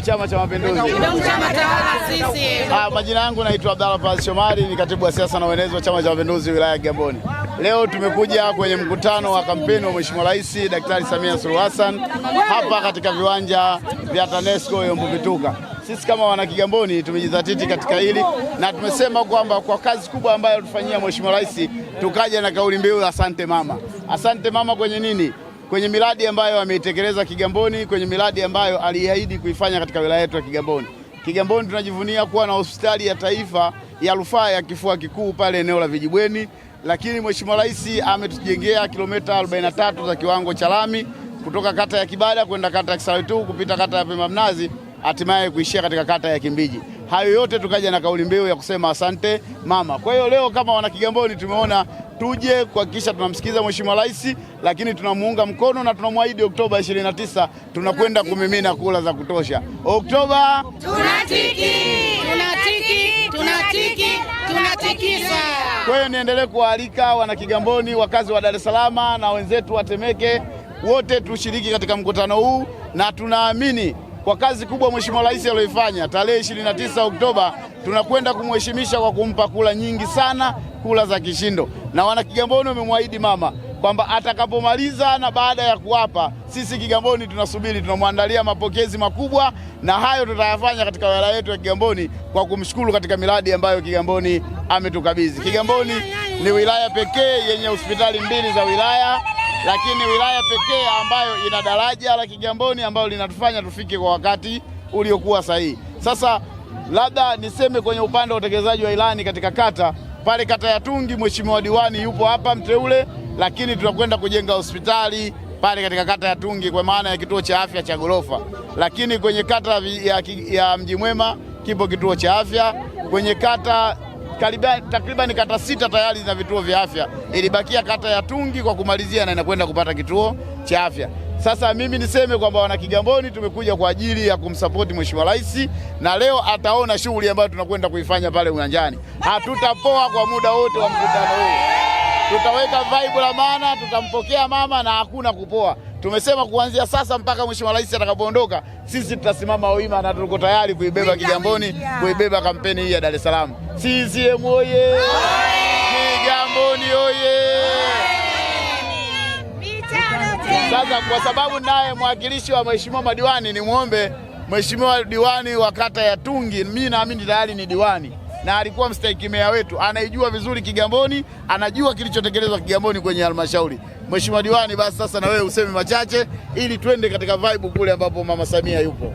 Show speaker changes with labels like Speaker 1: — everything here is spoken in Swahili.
Speaker 1: Kidumu Chama cha Mapinduzi. Ah, majina yangu naitwa Abdalla Pazi Shomari, ni katibu wa siasa na uenezi wa Chama cha Mapinduzi wilaya ya Kigamboni. Leo tumekuja kwenye mkutano wa kampeni wa Mheshimiwa Rais Daktari Samia Suluhu Hassan hapa katika viwanja vya TANESCO Yombo Vituka. Sisi kama wana Kigamboni tumejizatiti katika hili na tumesema kwamba kwa kazi kubwa ambayo tufanyia Mheshimiwa Rais, tukaja na kauli mbiu asante mama. Asante mama kwenye nini? kwenye miradi ambayo ameitekeleza Kigamboni, kwenye miradi ambayo aliahidi kuifanya katika wilaya yetu ya Kigamboni. Kigamboni tunajivunia kuwa na hospitali ya taifa ya rufaa ya kifua kikuu pale eneo la Vijibweni, lakini Mheshimiwa Rais ametujengea kilomita 43 za kiwango cha lami kutoka kata ya Kibada kwenda kata ya Kisarawe tu kupita kata ya Pemba Mnazi, hatimaye kuishia katika kata ya Kimbiji hayo yote tukaja na kauli mbiu ya kusema asante mama. Kwa hiyo leo kama wana Kigamboni tumeona tuje kuhakikisha tunamsikiza Mheshimiwa Rais, lakini tunamuunga mkono na tunamwahidi Oktoba 29 tunakwenda kumimina kula za kutosha. Oktoba
Speaker 2: tunatiki,
Speaker 3: tunatiki,
Speaker 4: tunatiki,
Speaker 5: tunatikisa.
Speaker 1: Kwa hiyo niendelee kuwaalika wana Kigamboni, wakazi wa Dar es Salaam na wenzetu wa Temeke, wote tushiriki katika mkutano huu na tunaamini kwa kazi kubwa Mheshimiwa Rais aliyoifanya tarehe 29 Oktoba, tunakwenda kumheshimisha kwa kumpa kula nyingi sana, kula za kishindo, na wana Kigamboni wamemwahidi mama kwamba atakapomaliza na baada ya kuapa, sisi Kigamboni tunasubiri, tunamwandalia mapokezi makubwa, na hayo tutayafanya katika wilaya yetu ya Kigamboni kwa kumshukuru katika miradi ambayo Kigamboni ametukabidhi. Kigamboni ni wilaya pekee yenye hospitali mbili za wilaya lakini wilaya pekee ambayo ina daraja la Kigamboni ambayo linatufanya tufike kwa wakati uliokuwa sahihi. Sasa labda niseme kwenye upande wa utekelezaji wa ilani katika kata pale, kata ya Tungi, mheshimiwa diwani yupo hapa mteule, lakini tunakwenda kujenga hospitali pale katika kata ya Tungi kwa maana ya kituo cha afya cha ghorofa, lakini kwenye kata ya, ya, ya Mji Mwema kipo kituo cha afya, kwenye kata takriban kata sita tayari zina vituo vya afya, ilibakia kata ya Tungi kwa kumalizia na inakwenda kupata kituo cha afya. Sasa mimi niseme kwamba wana Kigamboni tumekuja kwa ajili ya kumsapoti Mheshimiwa Rais, na leo ataona shughuli ambayo tunakwenda kuifanya pale uwanjani. Hatutapoa kwa muda wote wa mkutano huu, tutaweka vibe la maana, tutampokea mama na hakuna kupoa. Tumesema kuanzia sasa mpaka Mheshimiwa Rais atakapoondoka, sisi tutasimama wima na tuko tayari kuibeba Kigamboni, kuibeba kampeni hii ya Dar es Salaam. CCM oye! Kigamboni oye! Sasa kwa sababu naye mwakilishi wa mheshimiwa madiwani, ni mwombe mheshimiwa diwani wa kata ya Tungi, mimi naamini tayari ni diwani na alikuwa mstahiki meya wetu, anaijua vizuri Kigamboni, anajua kilichotekelezwa Kigamboni kwenye halmashauri. Mheshimiwa diwani, basi sasa na wewe useme machache ili tuende katika vibe kule ambapo Mama Samia yupo.